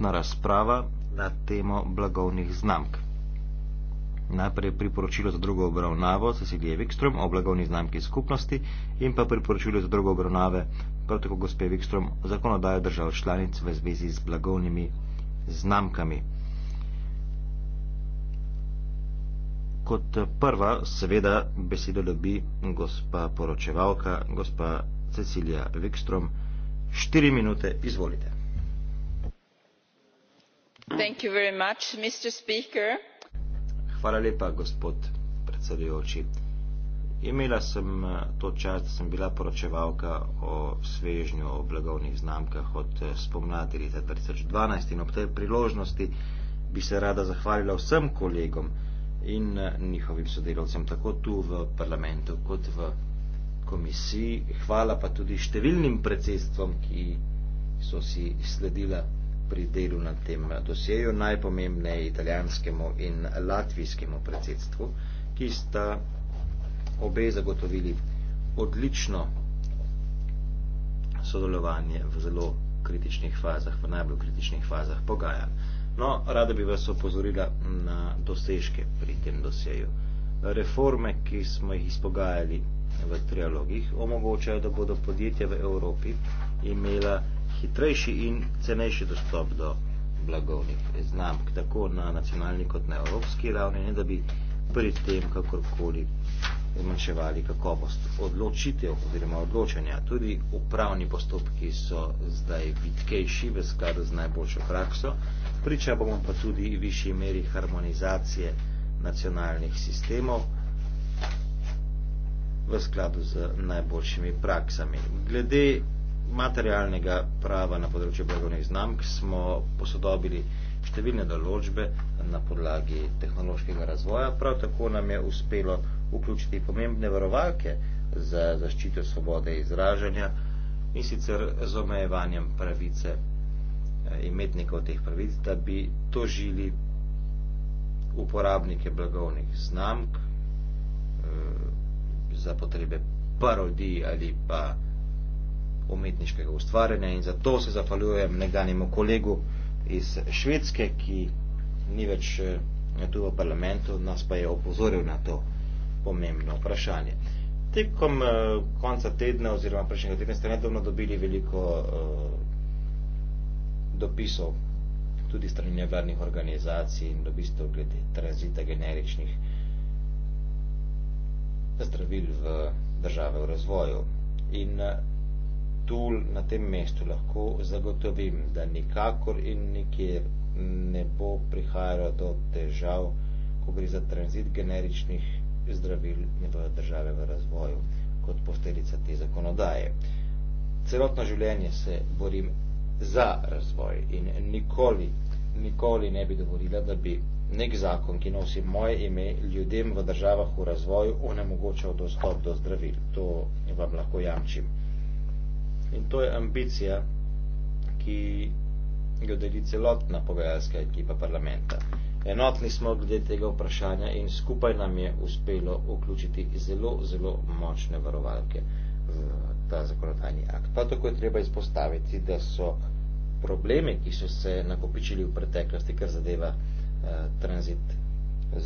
skupna razprava na temo blagovnih znamk. Najprej priporočilo za drugo obravnavo Cecilije Vikstrom o blagovni znamki skupnosti in pa priporočilo za drugo obravnave prav tako gospe Vikstrom zakonodajo držav članic v zvezi z blagovnimi znamkami. Kot prva seveda besedo dobi gospa poročevalka, gospa Cecilija Vikstrom. Štiri minute, izvolite hvala lepa gospod predsedujoči imela sem eh, to čast da sem bila poročevalka o svežnju o blagovnih znamkah od eh, spomladi leta 2012 in ob tej priložnosti bi se rada zahvalila vsem kolegom in eh, njihovim sodelavcem tako tu v parlamentu kot v komisiji hvala pa tudi številnim predsedstvom ki so si sledila pri delu na tem dosjeju najpomembneje italijanskemu in latvijskemu predsedstvu, ki sta obe zagotovili odlično sodelovanje v zelo kritičnih fazah, v najbolj kritičnih fazah pogajanj. No, rada bi vas opozorila na dosežke pri tem dosjeju. Reforme, ki smo jih izpogajali v trialogih, omogočajo, da bodo podjetja v Evropi imela hitrejši in cenejši dostop do blagovnih znamk, tako na nacionalni kot na evropski ravni, ne da bi pri tem kakorkoli zmanjševali kakovost odločitev oziroma odločanja. Tudi upravni postopki so zdaj vitkejši v skladu z najboljšo prakso, priča bomo pa tudi višji meri harmonizacije nacionalnih sistemov v skladu z najboljšimi praksami. Glede materialnega prava na področju blagovnih znamk smo posodobili številne določbe na podlagi tehnološkega razvoja. Prav tako nam je uspelo vključiti pomembne varovalke za zaščito svobode izražanja in sicer z omejevanjem pravice eh, imetnikov teh pravic, da bi tožili uporabnike blagovnih znamk eh, za potrebe parodij ali pa umetniškega ustvarjanja in zato se zahvaljujem neganjemu kolegu iz Švedske, ki ni več eh, tu v parlamentu, nas pa je opozoril na to pomembno vprašanje. Tekom eh, konca tedna oziroma prejšnjega tedna ste nedavno dobili veliko eh, dopisov tudi strani nevladnih organizacij in dobistov glede tranzita generičnih zdravil v države v razvoju. In tul na tem mestu lahko zagotovim, da nikakor in nikjer ne bo prihajalo do težav, ko gre za tranzit generičnih zdravil v države v razvoju kot posteljica te zakonodaje. Celotno življenje se borim za razvoj in nikoli, nikoli ne bi dovolila, da bi nek zakon, ki nosi moje ime, ljudem v državah v razvoju onemogočal dostop do zdravil. To vam lahko jamčim. In to je ambicija, ki jo deli celotna pogajalska ekipa parlamenta. Enotni smo glede tega vprašanja in skupaj nam je uspelo vključiti zelo, zelo močne varovalke za ta zakonodajni akt. Pa tako je treba izpostaviti, da so probleme, ki so se nakopičili v preteklosti, kar zadeva eh, tranzit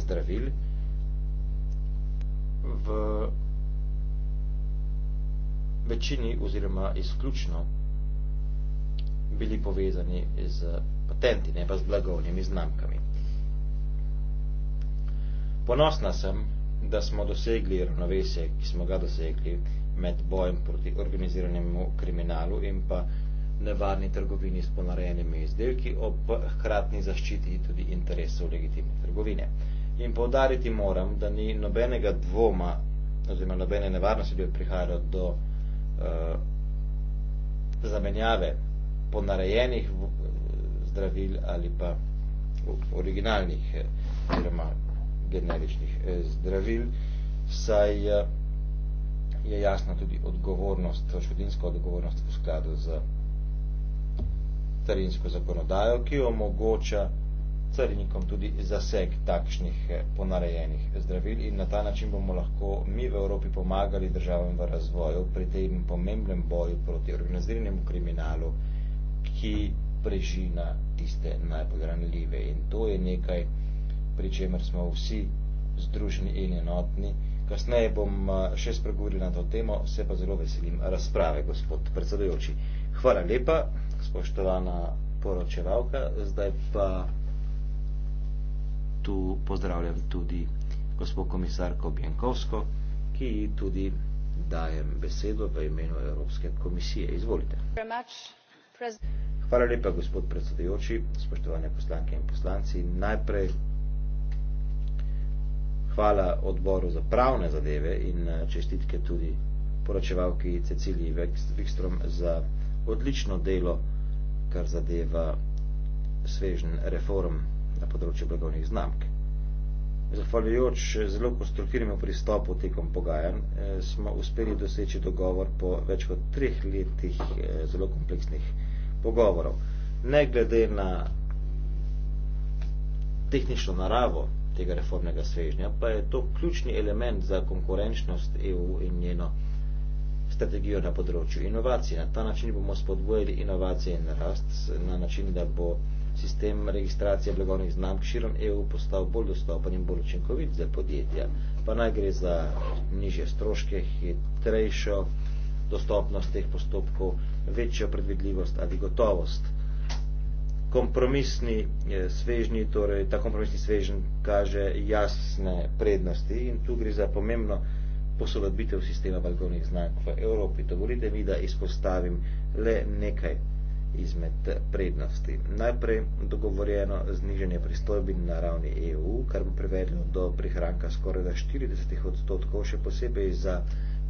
zdravil, v večini oziroma izključno bili povezani z patenti, ne pa z blagovnimi znamkami. Ponosna sem, da smo dosegli ravnovesje, ki smo ga dosegli med bojem proti organiziranemu kriminalu in pa nevarni trgovini s ponarejenimi izdelki ob hkratni zaščiti tudi interesov legitimne trgovine. In poudariti moram, da ni nobenega dvoma oziroma nobene nevarnosti, da bi prihajalo do Eh, zamenjave ponarejenih eh, zdravil ali pa originalnih eh, oziroma generičnih zdravil, saj je jasna tudi odgovornost, šudinska odgovornost v skladu z starinsko zakonodajo, ki omogoča carinikom tudi zaseg takšnih eh, ponarejenih zdravil in na ta način bomo lahko mi v Evropi pomagali državam v razvoju pri tem pomembnem boju proti organiziranemu kriminalu, ki preži na tiste najbolj ranljive. In to je nekaj, pri čemer smo vsi združeni in enotni. Kasneje bom eh, še spregovoril na to temo, se pa zelo veselim razprave, gospod predsedujoči. Hvala lepa, spoštovana poročevalka. Zdaj pa tu pozdravljam tudi gospod komisarko Bjenkovsko, ki ji tudi dajem besedo v imenu Evropske komisije. Izvolite. Hvala lepa, gospod predsedujoči, spoštovane poslanke in poslanci. Najprej hvala odboru za pravne zadeve in eh, čestitke tudi poročevalki Ceciliji Vikstrom za odlično delo, kar zadeva svežen reform na področju blagovne znamke. Zahvaljujoč zelo konstruktivnemu pristopu tekom pogajanj eh, smo uspeli doseči dogovor po več kot treh letih eh, zelo kompleksnih pogovorov. Ne glede na tehnično naravo tega reformnega svežnja, pa je to ključni element za konkurenčnost EU in njeno strategijo na področju inovacij. Na ta način bomo spodbojili inovacije in rast na način, da bo sistem registracije blagovnih znamk širom EU postal bolj dostopen in bolj učinkovit za podjetja, pa naj gre za nižje stroške, hitrejšo dostopnost teh postopkov, večjo predvidljivost ali gotovost. Kompromisni eh, svežni, torej ta kompromisni svežen kaže jasne prednosti in tu gre za pomembno posodobitev sistema blagovnih znamk v Evropi. Dovolite mi, da izpostavim le nekaj izmed eh, prednosti. Najprej dogovorjeno zniženje pristojbin na ravni EU, kar bo privedlo do prihranka skoraj 40 odstotkov, še posebej za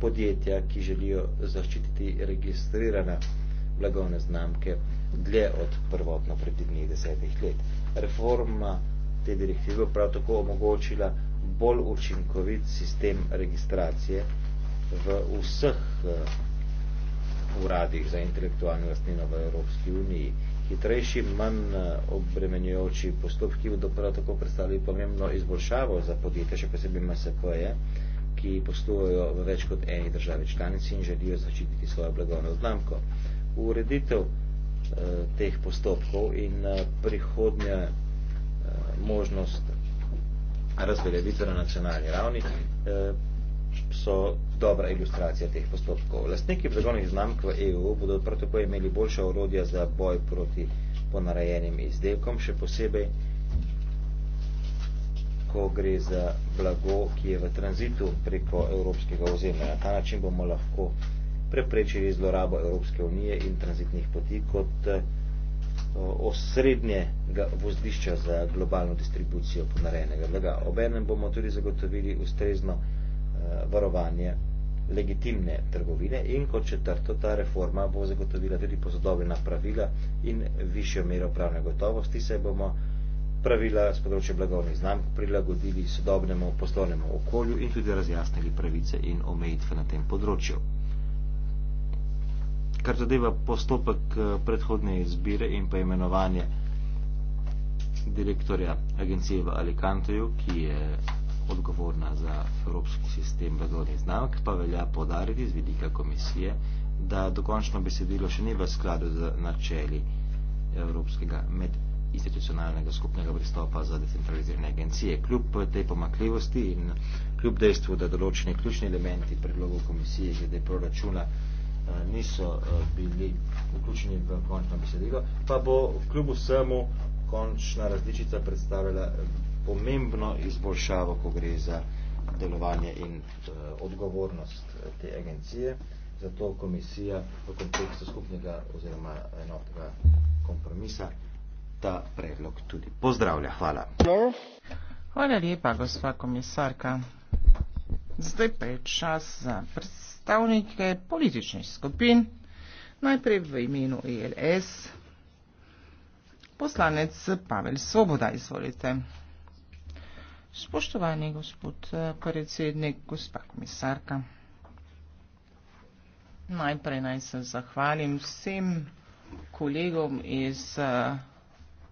podjetja, ki želijo zaščititi registrirane blagovne znamke dlje od prvotno predvidnih desetih let. Reforma te direktive prav tako omogočila bolj učinkovit sistem registracije v vseh uh, uradih za intelektualno lastnino v Evropski uniji. Hitrejši, manj eh, obremenjujoči postopki bodo prav tako predstavili pomembno izboljšavo za podjetja, še posebej MSP-je, ki poslujejo v več kot eni državi članici in želijo zaščititi svojo blagovno znamko. Ureditev eh, teh postopkov in eh, prihodnja eh, možnost razveljavitve na nacionalni ravni. Eh, so dobra ilustracija teh postopkov. Lastniki blagovnih znamk v EU bodo prav tako imeli boljša orodja za boj proti ponarejenim izdelkom, še posebej, ko gre za blago, ki je v tranzitu preko evropskega ozemlja. Na ta način bomo lahko preprečili zlorabo Evropske unije in tranzitnih poti kot eh, osrednjega vozdišča za globalno distribucijo ponarejenega blaga. Obenem bomo tudi zagotovili ustrezno Eh, varovanje legitimne trgovine in kot četrto ta reforma bo zagotovila tudi posodobljena pravila in višjo mero pravne gotovosti, saj bomo pravila z področja blagovnih znamk prilagodili sodobnemu poslovnemu okolju in tudi razjasnili pravice in omejitve na tem področju. Kar zadeva postopek eh, predhodne izbire in pa imenovanje direktorja agencije v Alicanteju, ki je odgovorna za evropski sistem vedovnih znamk, pa velja podariti z vidika komisije, da dokončno besedilo še ni v skladu z načeli evropskega medinstitucionalnega skupnega pristopa za decentralizirane agencije. Kljub tej pomakljivosti in kljub dejstvu, da določeni ključni elementi predlogov komisije glede proračuna eh, niso eh, bili vključeni v končno besedilo, pa bo kljub vsemu končna različica predstavila eh, pomembno izboljšavo, ko gre za delovanje in uh, odgovornost eh, te agencije. Zato komisija v kontekstu skupnega oziroma enotnega kompromisa ta predlog tudi pozdravlja. Hvala. Hvala lepa, gospa komisarka. Zdaj pa je čas za predstavnike političnih skupin. Najprej v imenu ELS. Poslanec Pavel Svoboda, izvolite. Spoštovani gospod eh, predsednik, gospa komisarka. Najprej naj se zahvalim vsem kolegom iz eh,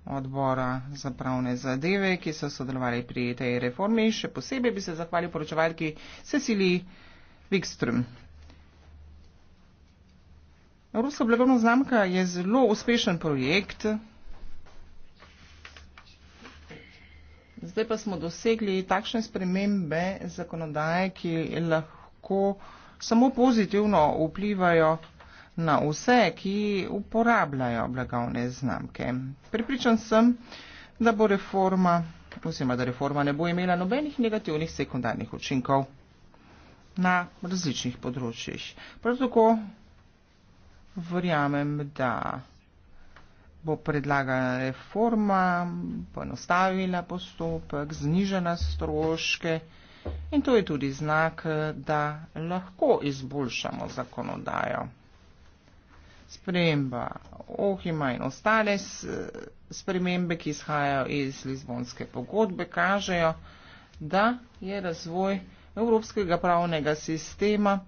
odbora za pravne zadeve, ki so sodelovali pri tej reformi. Še posebej bi se zahvalil poročevalki Cecili Wikström. Evropska blagovna znamka je zelo uspešen projekt, Zdaj pa smo dosegli takšne spremembe zakonodaje, ki lahko samo pozitivno vplivajo na vse, ki uporabljajo blagovne znamke. Pripričan sem, da bo reforma, posebej, da reforma ne bo imela nobenih negativnih sekundarnih učinkov na različnih področjih. Prav tako verjamem, da bo predlagana reforma, poenostavila postopek, znižala stroške in to je tudi znak, da lahko izboljšamo zakonodajo. Sprememba Ohima in ostale spremembe, ki izhajajo iz Lizbonske pogodbe, kažejo, da je razvoj evropskega pravnega sistema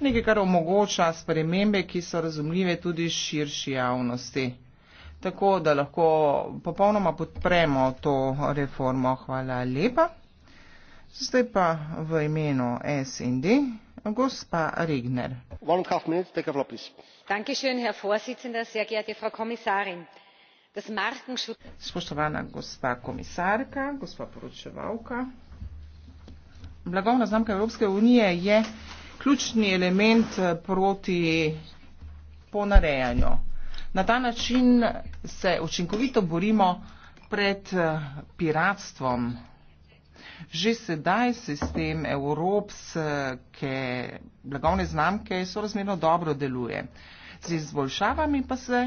nekaj, kar omogoča spremembe, ki so razumljive tudi širši javnosti tako da lahko popolnoma podpremo to reformo. Hvala lepa. Zdaj pa v imenu SND, gospa Regner. Spoštovana gospa komisarka, gospa poročevalka. Blagovna znamka Evropske unije je ključni element eh, proti ponarejanju. Na ta način se učinkovito borimo pred eh, piratstvom. Že sedaj sistem evropske blagovne znamke sorazmerno dobro deluje. Z izboljšavami pa se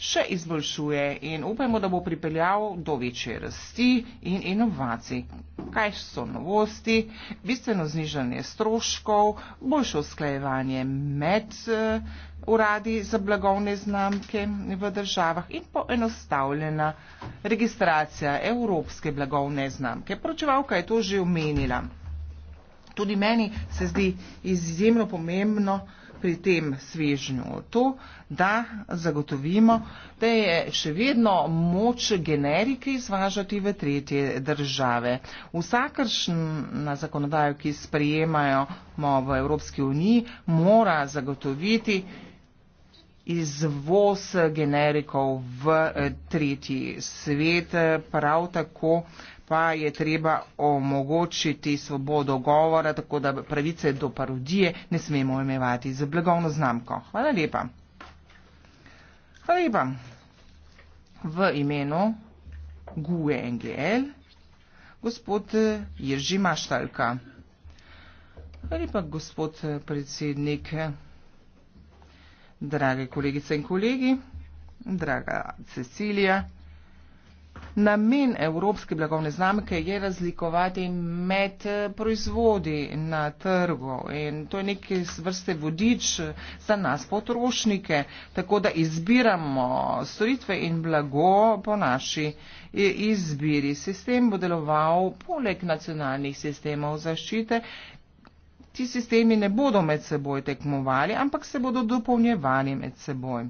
še izboljšuje in upajmo, da bo pripeljal do večje rasti in inovacij. Kaj so novosti? Bistveno znižanje stroškov, boljše usklajevanje med eh, uradi za blagovne znamke v državah in poenostavljena registracija evropske blagovne znamke. Pročevalka je to že omenila. Tudi meni se zdi izjemno pomembno, pri tem svežnju to, da zagotovimo, da je še vedno moč generike izvažati v tretje države. Vsakršna zakonodajo, ki sprejemajo v Evropski uniji, mora zagotoviti izvoz generikov v tretji svet, prav tako pa je treba omogočiti svobodo govora, tako da pravice do parodije ne smemo imevati za blagovno znamko. Hvala lepa. Hvala lepa. V imenu GUE NGL, gospod Jerži Maštalka. Hvala lepa, gospod predsednik, drage kolegice in kolegi, draga Cecilija. Namen evropske blagovne znamke je razlikovati med eh, proizvodi na trgu in to je nekaj vrste vodič eh, za nas potrošnike, tako da izbiramo storitve in blago po naši eh, izbiri. Sistem bo deloval poleg nacionalnih sistemov zaščite Ti sistemi ne bodo med seboj tekmovali, ampak se bodo dopolnjevali med seboj.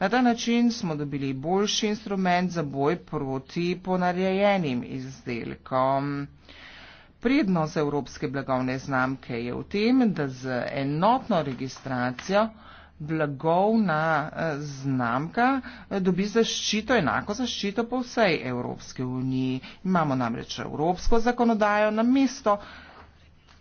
Na ta način smo dobili boljši instrument za boj proti ponarejenim izdelkom. Prednost evropske blagovne znamke je v tem, da z enotno registracijo blagovna eh, znamka eh, dobi zaščito, enako zaščito po vsej Evropske uniji. Imamo namreč evropsko zakonodajo na mesto.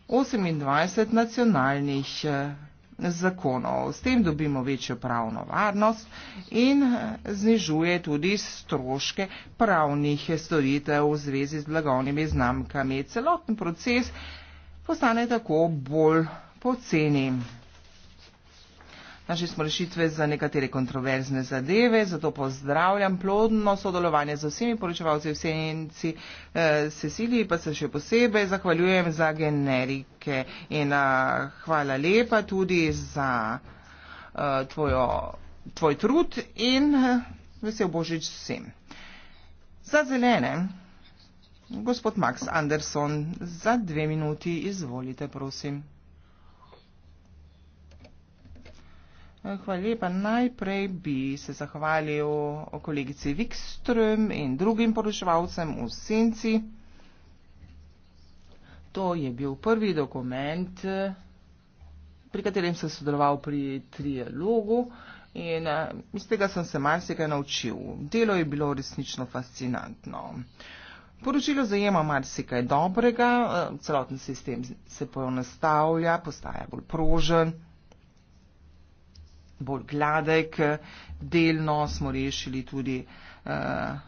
28 nacionalnih eh, zakonov. S tem dobimo večjo pravno varnost in eh, znižuje tudi stroške pravnih storitev v zvezi z blagovnimi znamkami. Celoten proces postane tako bolj poceni. Našli smo rešitve za nekatere kontroverzne zadeve, zato pozdravljam plodno sodelovanje z vsemi poročevalci v senci eh, Cecilij, pa se še posebej zahvaljujem za generike in eh, hvala lepa tudi za eh, tvojo, tvoj trud in eh, vesel božič vsem. Za zelene, gospod Max Anderson, za dve minuti izvolite, prosim. Hvala lepa. Najprej bi se zahvalil kolegici Wikström in drugim poročevalcem v Senci. To je bil prvi dokument, pri katerem sem sodeloval pri trialogu in eh, iz tega sem se marsikaj naučil. Delo je bilo resnično fascinantno. Poročilo zajema marsikaj dobrega, eh, celoten sistem se poenostavlja, postaja bolj prožen bolj gladek, delno smo rešili tudi uh,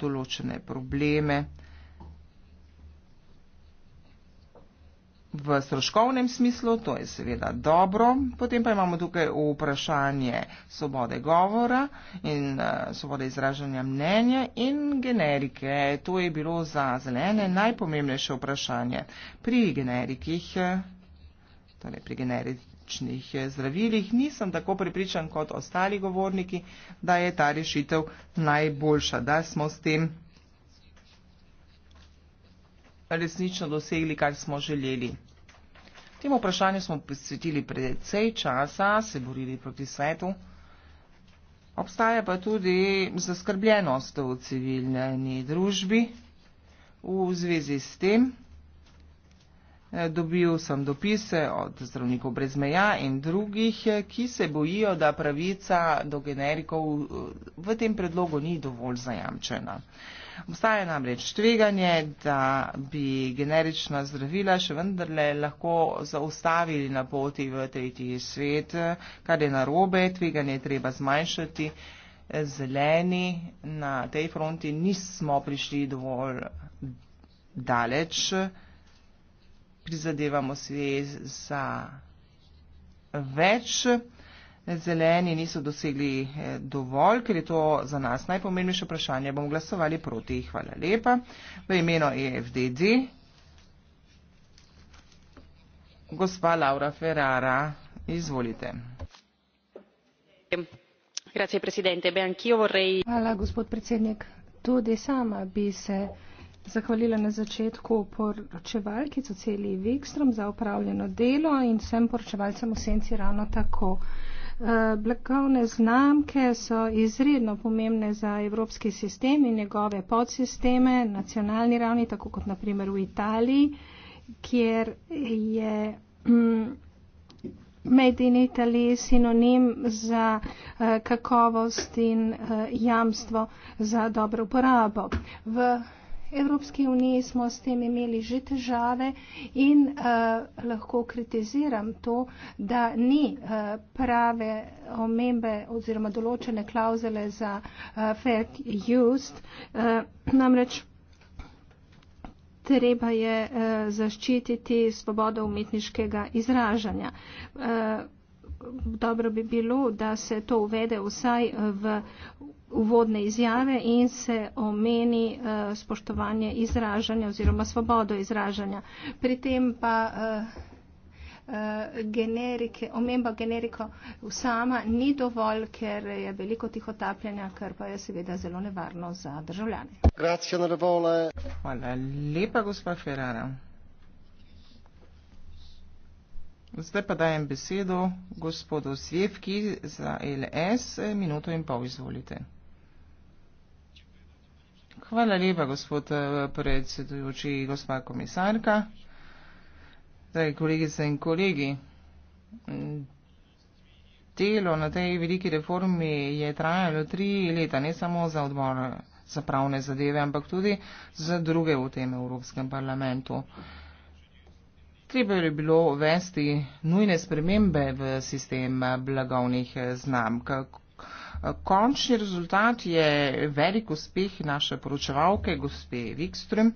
določene probleme. V stroškovnem smislu to je seveda dobro. Potem pa imamo tukaj vprašanje svobode govora in uh, svobode izražanja mnenja in generike. To je bilo za zelene najpomembnejše vprašanje. Pri generikih, eh, torej pri generici kemičnih eh, zdravilih. Nisem tako pripričan kot ostali govorniki, da je ta rešitev najboljša, da smo s tem resnično dosegli, kar smo želeli. Tem vprašanju smo posvetili predvsej časa, se borili proti svetu. Obstaja pa tudi zaskrbljenost v civilni družbi v zvezi s tem, Eh, dobil sem dopise od zdravnikov brez meja in drugih, eh, ki se bojijo, da pravica do generikov eh, v tem predlogu ni dovolj zajamčena. Obstaja namreč tveganje, da bi generična zdravila še vendarle lahko zaustavili na poti v tretji svet, kar je narobe, tveganje je treba zmanjšati. Zeleni na tej fronti nismo prišli dovolj daleč prizadevamo si za več. Zeleni niso dosegli eh, dovolj, ker je to za nas najpomembnejše vprašanje. Bomo glasovali proti. Hvala lepa. V imenu EFDD. Gospa Laura Ferrara, izvolite. Hvala, gospod predsednik. Tudi sama bi se zahvalila na začetku poročevalki Coceliji Vekstrom za upravljeno delo in vsem poročevalcem v senci ravno tako. Eh, blagovne znamke so izredno pomembne za evropski sistem in njegove podsisteme na nacionalni ravni, tako kot naprimer v Italiji, kjer je hm, Made in Italy sinonim za eh, kakovost in eh, jamstvo za dobro uporabo. V Evropski uniji smo s tem imeli že težave in uh, lahko kritiziram to, da ni uh, prave omembe oziroma določene klauzele za uh, fair use. Uh, namreč treba je uh, zaščititi svobodo umetniškega izražanja. Uh, dobro bi bilo, da se to uvede vsaj v uvodne izjave in se omeni uh, spoštovanje izražanja oziroma svobodo izražanja. Pri tem pa uh, uh, generike, omemba generiko sama ni dovolj, ker je veliko tihotapljanja, kar pa je seveda zelo nevarno za državljane. Hvala lepa, gospa Ferrara. Zdaj pa dajem besedo gospodu Svjevki za LS. Minuto in pol izvolite. Hvala lepa, gospod eh, predsedujoči, gospa komisarka. Zdaj, kolegice in kolegi, delo na tej veliki reformi je trajalo tri leta, ne samo za odbor za pravne zadeve, ampak tudi za druge v tem Evropskem parlamentu. Treba je bilo uvesti nujne spremembe v sistem blagovnih znamk. Končni rezultat je velik uspeh naše poročevalke, gospe Wikström,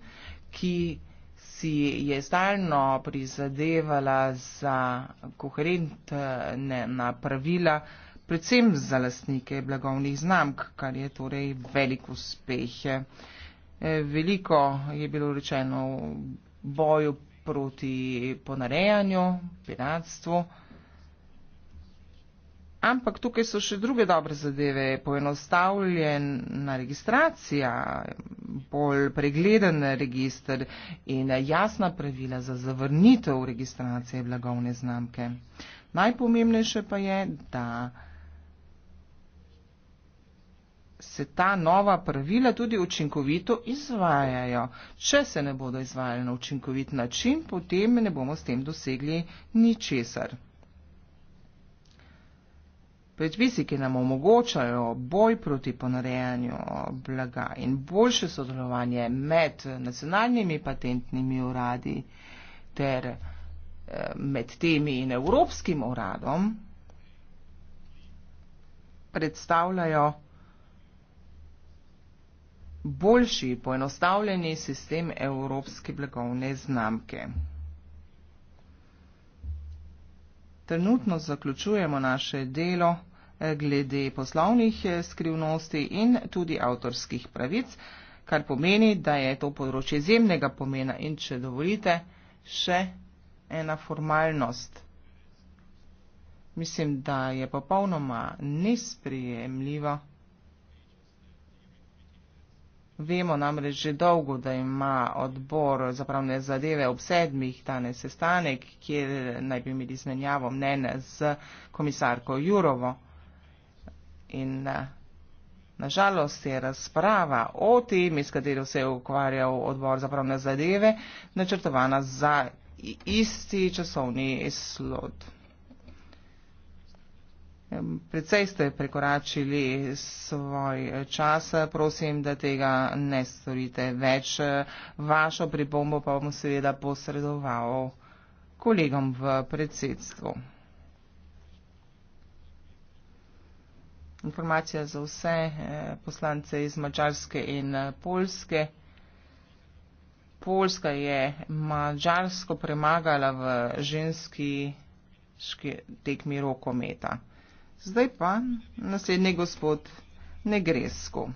ki si je stalno prizadevala za koherentna pravila, predvsem za lastnike blagovnih znamk, kar je torej velik uspeh. Veliko je bilo rečeno v boju proti ponarejanju, piratstvu. Ampak tukaj so še druge dobre zadeve. Poenostavljena registracija, bolj pregleden registr in jasna pravila za zavrnitev registracije blagovne znamke. Najpomembnejše pa je, da se ta nova pravila tudi učinkovito izvajajo. Če se ne bodo izvajali na učinkovit način, potem ne bomo s tem dosegli ničesar predpisi, ki nam omogočajo boj proti ponarejanju blaga in boljše sodelovanje med nacionalnimi patentnimi uradi ter eh, med temi in Evropskim uradom, predstavljajo boljši, poenostavljeni sistem Evropske blagovne znamke. Trenutno zaključujemo naše delo eh, glede poslovnih eh, skrivnosti in tudi avtorskih pravic, kar pomeni, da je to področje izjemnega pomena in, če dovolite, še ena formalnost. Mislim, da je popolnoma nesprejemljivo. Vemo namreč že dolgo, da ima odbor za pravne zadeve ob sedmih danes sestanek, kjer naj bi imeli zmenjavo mnenja z komisarko Jurovo. In eh, nažalost je razprava o temi, s katero se je ukvarjal odbor za pravne zadeve, načrtovana za isti časovni slot. Predvsej ste prekoračili svoj eh, čas, prosim, da tega ne storite več. Vašo pripombo pa bom seveda posredoval kolegom v predsedstvu. Informacija za vse eh, poslance iz Mačarske in eh, Polske. Polska je Mačarsko premagala v ženski tekmi rokometa. Zdaj pa naslednji gospod Negresko.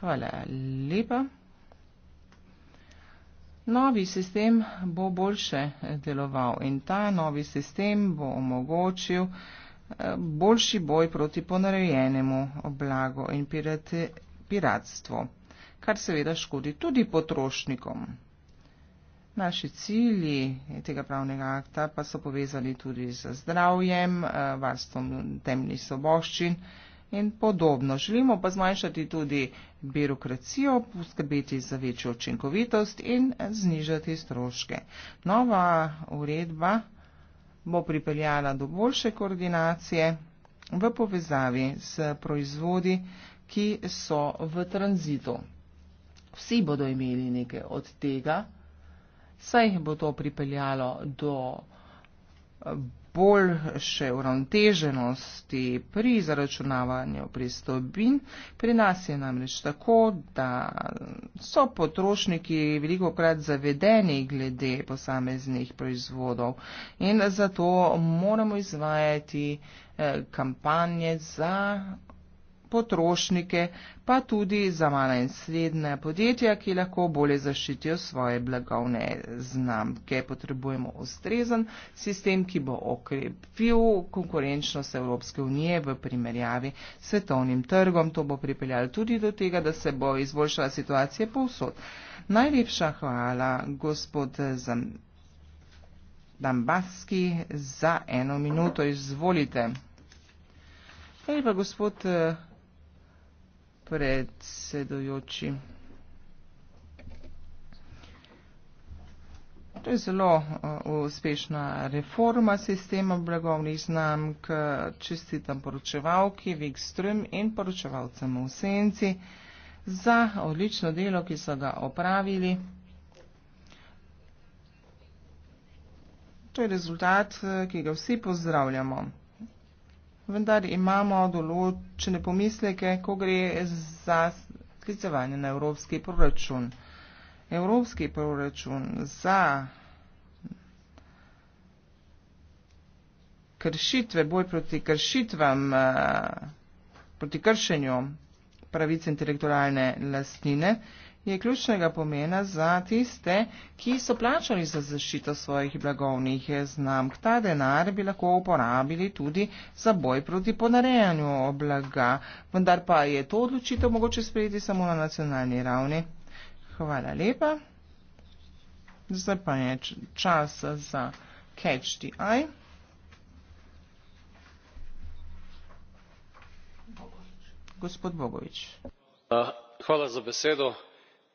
Hvala lepa. Novi sistem bo boljše deloval in ta novi sistem bo omogočil eh, boljši boj proti ponarejenemu blago in pirate, piratstvo, kar seveda škodi tudi potrošnikom. Naši cilji tega pravnega akta pa so povezani tudi z zdravjem, eh, varstvom temnih soboščin in podobno. Želimo pa zmanjšati tudi birokracijo, poskrbeti za večjo učinkovitost in znižati stroške. Nova uredba bo pripeljala do boljše koordinacije v povezavi s proizvodi, ki so v tranzitu. Vsi bodo imeli nekaj od tega saj jih bo to pripeljalo do eh, boljše uravnoteženosti pri zaračunavanju pristojbin. Pri nas je namreč tako, da so potrošniki veliko krat zavedeni glede posameznih proizvodov in zato moramo izvajati eh, kampanje za potrošnike, pa tudi za mala in srednja podjetja, ki lahko bolje zaščitijo svoje blagovne znamke. Potrebujemo ustrezen sistem, ki bo okrepil konkurenčnost Evropske unije v primerjavi s svetovnim trgom. To bo pripeljalo tudi do tega, da se bo izboljšala situacija povsod. Najlepša hvala, gospod Zam. Dambaski za eno minuto, izvolite. Ali pa gospod eh, predsedujoči. To je zelo uh, uspešna reforma sistema blagovnih znamk. Čestitam poročevalki Vikström in poročevalcem v Senci za odlično delo, ki so ga opravili. To je rezultat, uh, ki ga vsi pozdravljamo vendar imamo določene pomisleke, ko gre za sklicevanje na evropski proračun. Evropski proračun za kršitve, boj proti kršitvam, eh, proti kršenju pravice intelektualne lastnine je ključnega pomena za tiste, ki so plačali za zaščito svojih blagovnih znamk. Ta denar bi lahko uporabili tudi za boj proti ponarejanju blaga, vendar pa je to odločitev mogoče sprejeti samo na nacionalni ravni. Hvala lepa. Zdaj pa je čas za Catch the Eye. Gospod Bogovič. Hvala za besedo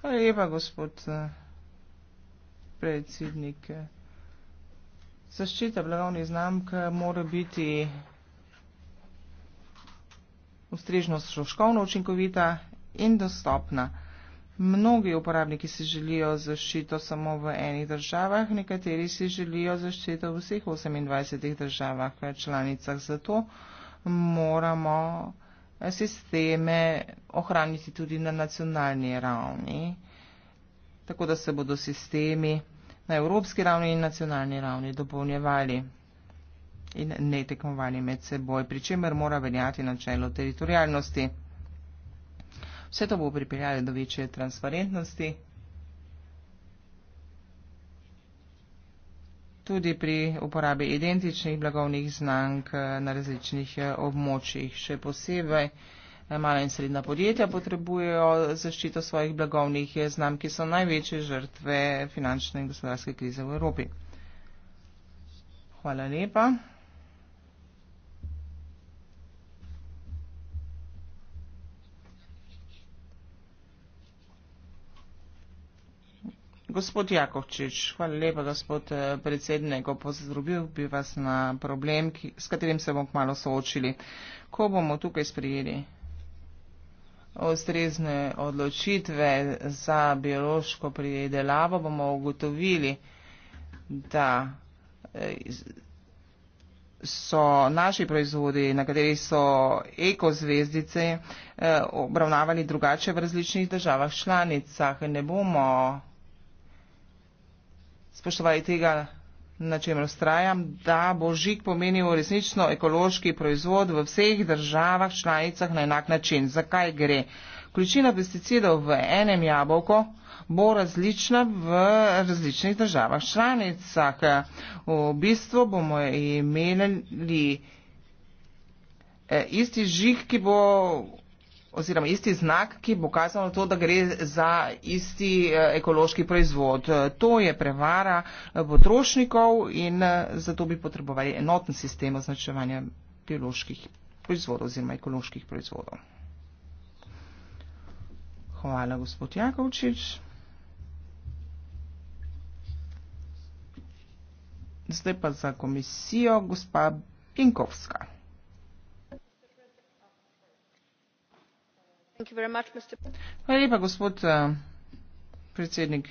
Hvala lepa, gospod eh, predsednik. Zaščita blagovnih znamk mora biti ustrežno stroškovno učinkovita in dostopna. Mnogi uporabniki si želijo zaščito samo v enih državah, nekateri si želijo zaščito v vseh 28 državah, članicah. Zato moramo sisteme ohraniti tudi na nacionalni ravni, tako da se bodo sistemi na evropski ravni in nacionalni ravni dopolnjevali in ne tekmovali med seboj, pri čemer mora veljati načelo teritorijalnosti. Vse to bo pripeljalo do večje transparentnosti. tudi pri uporabi identičnih blagovnih znank eh, na različnih eh, območjih. Še posebej eh, mala in srednja podjetja potrebujejo zaščito svojih blagovnih znamk, ki so največje žrtve finančne in gospodarske krize v Evropi. Hvala lepa. Gospod Jakovčič, hvala lepa, gospod eh, predsednik, pozdravil bi vas na problem, ki, s katerim se bomo malo soočili. Ko bomo tukaj sprijeli ustrezne odločitve za biološko pridelavo, bomo ugotovili, da eh, so naši proizvodi, na katerih so ekozvezdice, eh, obravnavali drugače v različnih državah članicah. Ne bomo spoštovali tega, na čem ustrajam, da bo žig pomenil resnično ekološki proizvod v vseh državah članicah na enak način. Zakaj gre? Količina pesticidov v enem jabolku bo različna v različnih državah članicah. V bistvu bomo imeli eh, isti žig, ki bo oziroma isti znak, ki bo kazal to, da gre za isti eh, ekološki proizvod. To je prevara eh, potrošnikov in eh, zato bi potrebovali enoten sistem označevanja bioloških proizvodov oziroma ekoloških proizvodov. Hvala, gospod Jakovčič. Zdaj pa za komisijo gospa Pinkovska. Hvala lepa, gospod uh, predsednik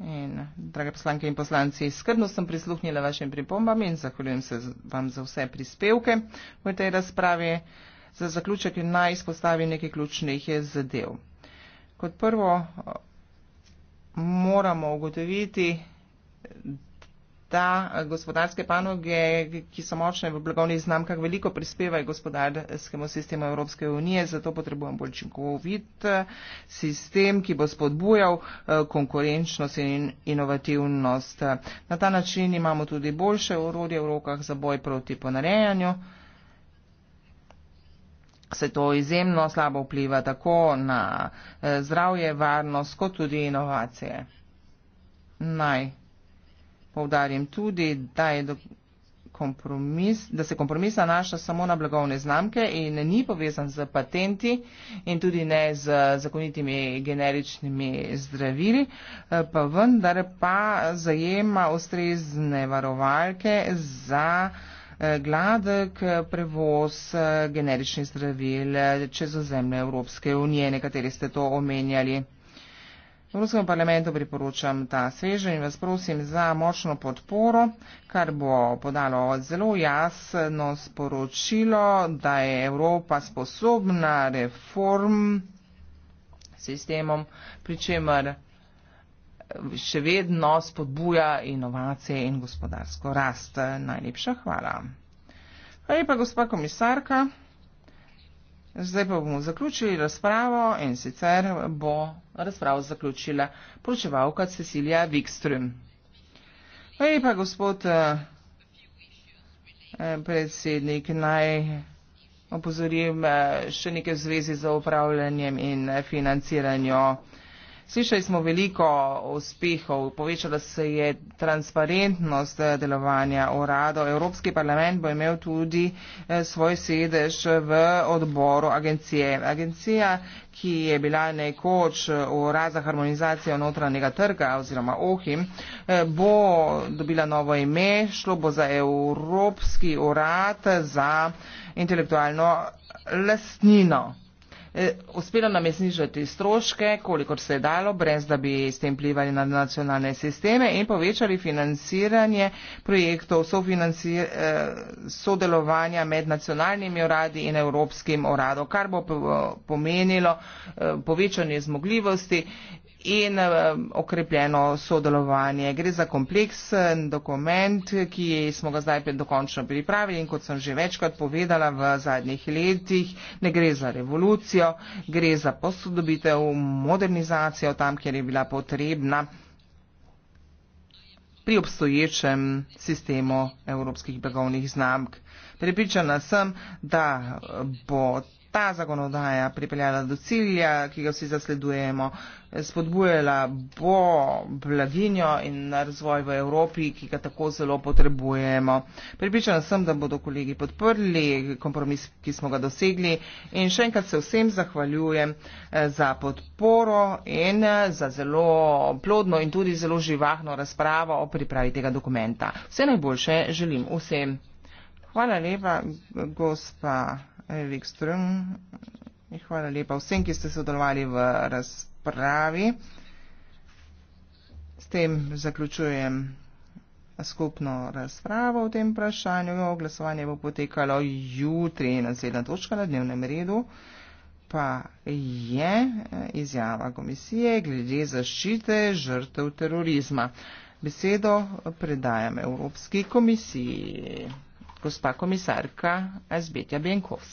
in drage poslanke in poslanci. Skrbno sem prisluhnila vašim pripombam in zahvaljujem se vam za vse prispevke v tej razpravi. Za zaključek naj izpostavim nekaj ključnih eh, zadev. Kot prvo, eh, moramo ugotoviti, da eh, gospodarske panoge, ki so močne v blagovnih znamkah, veliko prispevajo gospodarskemu sistemu Evropske unije, zato potrebujemo bolj učinkovit eh, sistem, ki bo spodbujal eh, konkurenčnost in inovativnost. Na ta način imamo tudi boljše orodje v rokah za boj proti ponarejanju. Se to izjemno slabo vpliva tako na zdravje, varnost, kot tudi inovacije. Naj Poudarim tudi, da, je kompromis, da se kompromis nanaša samo na blagovne znamke in ni povezan z patenti in tudi ne z zakonitimi generičnimi zdravili, pa vendar pa zajema ustrezne varovalke za eh, gladek prevoz eh, generičnih zdravil eh, čez ozemlje Evropske unije, nekateri ste to omenjali. Evropskemu parlamentu priporočam ta svežen in vas prosim za močno podporo, kar bo podalo zelo jasno sporočilo, da je Evropa sposobna reform sistemom, pri čemer še vedno spodbuja inovacije in gospodarsko rast. Najlepša hvala. Hvala lepa, gospa komisarka. Zdaj pa bomo zaključili razpravo in sicer bo razpravo zaključila poročevalka Cecilija Wikström. Hej no pa gospod eh, eh, predsednik, naj opozorim eh, še nekaj v zvezi z upravljanjem in financiranjem. Slišali smo veliko uspehov, povečala se je transparentnost delovanja urado. Evropski parlament bo imel tudi eh, svoj sedež v odboru agencije. Agencija, ki je bila nekoč urad za harmonizacijo notranjega trga oziroma OHIM, eh, bo dobila novo ime, šlo bo za Evropski urad za intelektualno lastnino. Eh, uspelo nam je znižati stroške, kolikor se je dalo, brez da bi s tem plivali na nacionalne sisteme in povečali financiranje projektov eh, sodelovanja med nacionalnimi uradi in evropskim uradom, kar bo pomenilo eh, povečanje zmogljivosti in eh, okrepljeno sodelovanje. Gre za kompleksen dokument, ki smo ga zdaj dokončno pripravili in kot sem že večkrat povedala v zadnjih letih, ne gre za revolucijo, gre za posodobitev, modernizacijo tam, kjer je bila potrebna pri obstoječem sistemu evropskih begovnih znamk. Pripričana sem, da bo ta zakonodaja pripeljala do cilja, ki ga vsi zasledujemo, spodbujala bo blaginjo in razvoj v Evropi, ki ga tako zelo potrebujemo. Pripričana sem, da bodo kolegi podprli kompromis, ki smo ga dosegli in še enkrat se vsem zahvaljujem eh, za podporo in eh, za zelo plodno in tudi zelo živahno razpravo o pripravi tega dokumenta. Vse najboljše želim vsem. Hvala lepa, gospa Vikström. Hvala lepa vsem, ki ste sodelovali v razpravi. S tem zaključujem skupno razpravo v tem vprašanju. Glasovanje bo potekalo jutri na sedna točka na dnevnem redu. Pa je izjava komisije glede zaščite žrtev terorizma. Besedo predajam Evropski komisiji gospa komisarka Azbetja Benkovs.